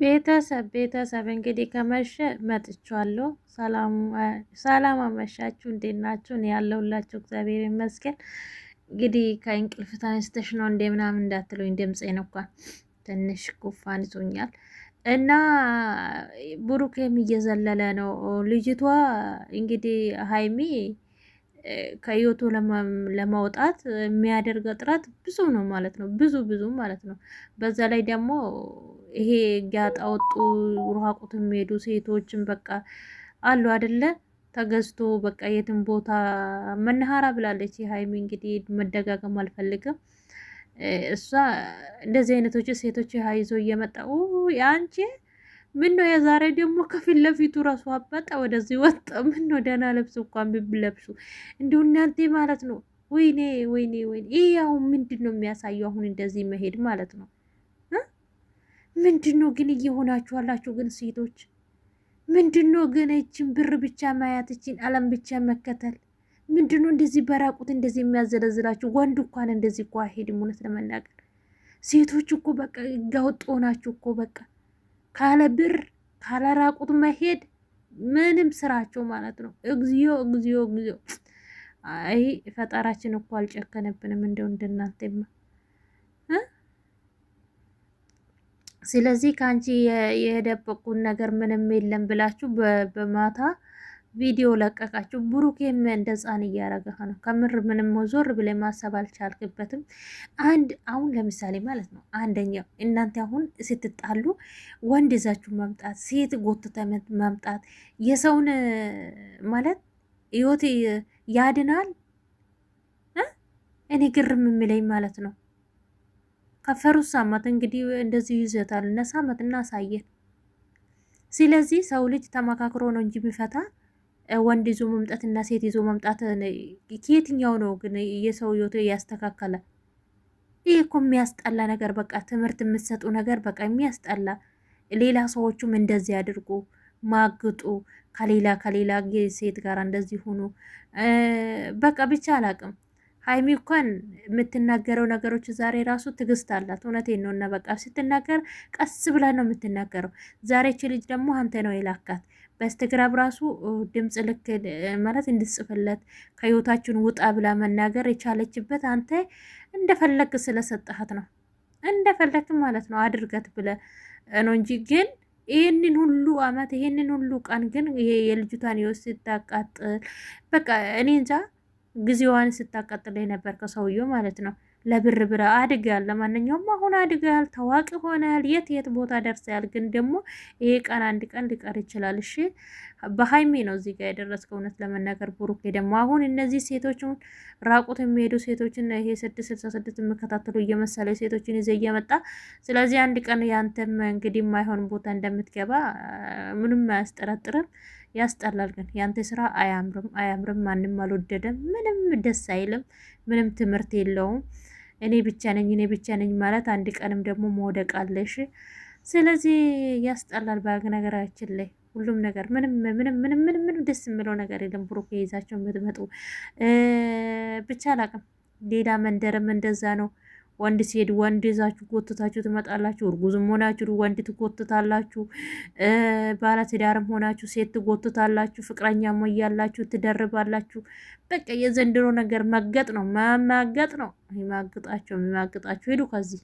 ቤተሰብ ቤተሰብ እንግዲህ ከመሸ መጥቻለሁ። ሰላም አመሻችሁ፣ እንዴት ናችሁ? እኔ ያለሁላችሁ እግዚአብሔር ይመስገን። እንግዲህ ከእንቅልፍ ተነስተሽ ነው እንደ ምናምን እንዳትለኝ፣ ድምፄን እንኳን ትንሽ ጉንፋን ይዞኛል እና ብሩኬም እየዘለለ ነው። ልጅቷ እንግዲህ ሀይሚ ከህይወቱ ለማውጣት የሚያደርገው ጥረት ብዙ ነው ማለት ነው፣ ብዙ ብዙ ማለት ነው። በዛ ላይ ደግሞ ይሄ ጋጣ ጋጣወጡ ሩሃቁት የሚሄዱ ሴቶችን በቃ አሉ አይደለ? ተገዝቶ በቃ የትም ቦታ መናሃራ ብላለች። የሀይሚ እንግዲህ መደጋገም አልፈልግም። እሷ እንደዚህ አይነቶች ሴቶች ይዞ እየመጣ አንቺ ምን ነው የዛሬ ደግሞ ከፊት ለፊቱ ራሱ አበጣ ወደዚህ ወጣ። ምን ነው ደህና ልብስ እንኳን ለብሱ እንዲሁ እናንተ ማለት ነው። ወይኔ ወይኔ ወይኔ! ይህ አሁን ምንድን ነው የሚያሳየው? አሁን እንደዚህ መሄድ ማለት ነው ምንድን ነው ግን እየሆናችሁ አላችሁ? ግን ሴቶች ምንድን ነው ግን እችን ብር ብቻ ማያት እችን አለም ብቻ መከተል ምንድን ነው እንደዚህ በራቁት እንደዚህ የሚያዘለዝላችሁ? ወንድ እንኳን እንደዚህ እኮ አይሄድም። እውነት ለመናገር ሴቶች እኮ በቃ ጋወጥ ሆናችሁ እኮ በቃ ካለ ብር ካለ ራቁት መሄድ ምንም ስራቸው ማለት ነው። እግዚኦ እግዚኦ እግዚኦ! አይ ፈጣራችን እኮ አልጨከነብንም እንደው እንደናንተማ ስለዚህ ከአንቺ የደበቁን ነገር ምንም የለም ብላችሁ በማታ ቪዲዮ ለቀቃችሁ። ብሩኬም እንደ ህፃን እያረገህ ነው። ከምር ምንም ዞር ብለ ማሰብ አልቻልክበትም። አንድ አሁን ለምሳሌ ማለት ነው አንደኛው እናንተ አሁን ስትጣሉ ወንድ ይዛችሁ መምጣት፣ ሴት ጎትተ መምጣት የሰውን ማለት ህይወት ያድናል። እኔ ግርም የምለኝ ማለት ነው ከፈሩ ሳማት እንግዲህ እንደዚህ ይዘታል እና ሳመት እና አሳየን። ስለዚህ ሰው ልጅ ተመካክሮ ነው እንጂ የሚፈታ ወንድ ይዞ መምጣት እና ሴት ይዞ መምጣት ከየትኛው ነው ግን የሰው ህይወት ያስተካከለ? ይህ እኮ የሚያስጠላ ነገር በቃ ትምህርት የምትሰጡ ነገር በቃ የሚያስጠላ። ሌላ ሰዎቹም እንደዚህ ያድርጉ፣ ማግጡ፣ ከሌላ ከሌላ ሴት ጋር እንደዚህ ሁኑ። በቃ ብቻ አላቅም። ሀይሚ እንኳን የምትናገረው ነገሮች ዛሬ ራሱ ትግስት አላት። እውነቴን ነው እና በቃ ስትናገር ቀስ ብላ ነው የምትናገረው። ዛሬች ልጅ ደግሞ አንተ ነው የላካት በኢንስታግራም ራሱ ድምፅ ልክ ማለት እንድጽፍለት ከህይወታችን ውጣ ብላ መናገር የቻለችበት አንተ እንደፈለግ ስለሰጠሃት ነው። እንደፈለግ ማለት ነው አድርገት ብለ ነው እንጂ ግን ይህንን ሁሉ አመት ይህንን ሁሉ ቀን ግን የልጅቷን የወስድ ታቃጥል በቃ እኔ እንጃ ጊዜዋን ስታቀጥለ ነበር ከሰውየው ማለት ነው። ለብር ብር አድጋል። ለማንኛውም አሁን አድጋል፣ ታዋቂ ሆናል፣ የት የት ቦታ ደርሰያል። ግን ደግሞ ይሄ ቀን አንድ ቀን ሊቀር ይችላል። እሺ በሀይሜ ነው እዚህ ጋር የደረስከው። እውነት ለመናገር ቡሩኬ። ደግሞ አሁን እነዚህ ሴቶችን ራቁት የሚሄዱ ሴቶችን ይሄ ስድስት ስልሳ ስድስት የምከታተሉ እየመሰለ ሴቶችን ይዘ እየመጣ ስለዚህ አንድ ቀን ያንተም እንግዲህ የማይሆን ቦታ እንደምትገባ ምንም አያስጠረጥርም። ያስጠላል። ግን ያንተ ስራ አያምርም አያምርም፣ ማንም አልወደደም፣ ምንም ደስ አይልም፣ ምንም ትምህርት የለውም። እኔ ብቻ ነኝ እኔ ብቻ ነኝ ማለት አንድ ቀንም ደግሞ መውደቅ አለሽ። ስለዚህ ያስጠላል። በነገራችን ላይ ሁሉም ነገር ምንም ምንም ምንም ምንም ደስ የምለው ነገር የለም። ብሩክ የይዛቸው የምትመጡ ብቻ አላቅም። ሌላ መንደርም እንደዛ ነው። ወንድ ሲሄድ ወንድ ይዛችሁ ጎትታችሁ ትመጣላችሁ። እርጉዝም ሆናችሁ ወንድ ትጎትታላችሁ። ባለትዳርም ሆናችሁ ሴት ትጎትታላችሁ። ፍቅረኛ ሞያላችሁ ትደርባላችሁ። በቃ የዘንድሮ ነገር መገጥ ነው መማገጥ ነው። ይማግጣቸው ይማግጣቸው ሄዱ ከዚህ